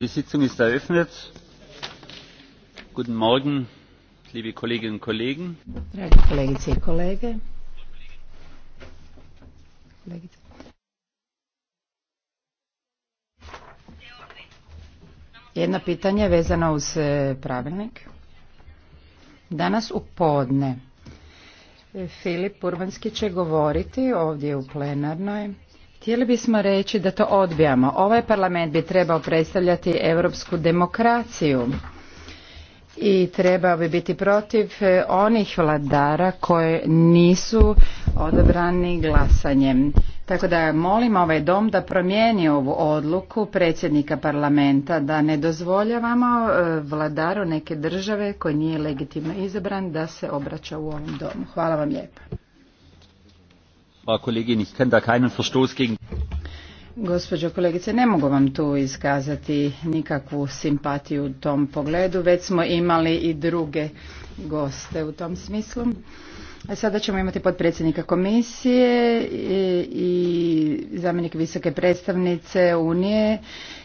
die sitzung ist eröffnet. guten morgen liebe kolleginnen und kollegen! kolegice i kolege Jedna jedno pitanje vezano uz e, pravilnik. danas u podne e, filip urbanski će govoriti ovdje u plenarnoj Htjeli bismo reći da to odbijamo. Ovaj parlament bi trebao predstavljati europsku demokraciju i trebao bi biti protiv e, onih vladara koje nisu odabrani glasanjem. Tako da molim ovaj dom da promijeni ovu odluku predsjednika parlamenta da ne dozvoljavamo e, vladaru neke države koji nije legitimno izabran da se obraća u ovom domu. Hvala vam lijepa. Gospođo kolegice, ne mogu vam tu iskazati nikakvu simpatiju u tom pogledu, već smo imali i druge goste u tom smislu. Sada ćemo imati potpredsjednika komisije i zamjenik visoke predstavnice Unije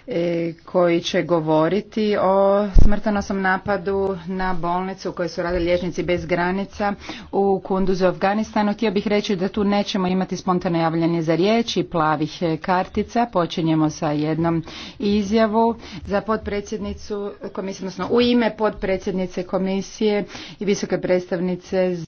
e, koji će govoriti o smrtonosnom napadu na bolnicu u kojoj su radili liječnici bez granica u Kunduzu, Afganistanu. Htio bih reći da tu nećemo imati spontano javljanje za riječi i plavih e, kartica. Počinjemo sa jednom izjavu za potpredsjednicu komisije, odnosno u ime potpredsjednice komisije i visoke predstavnice